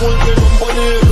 la golpe, compañero.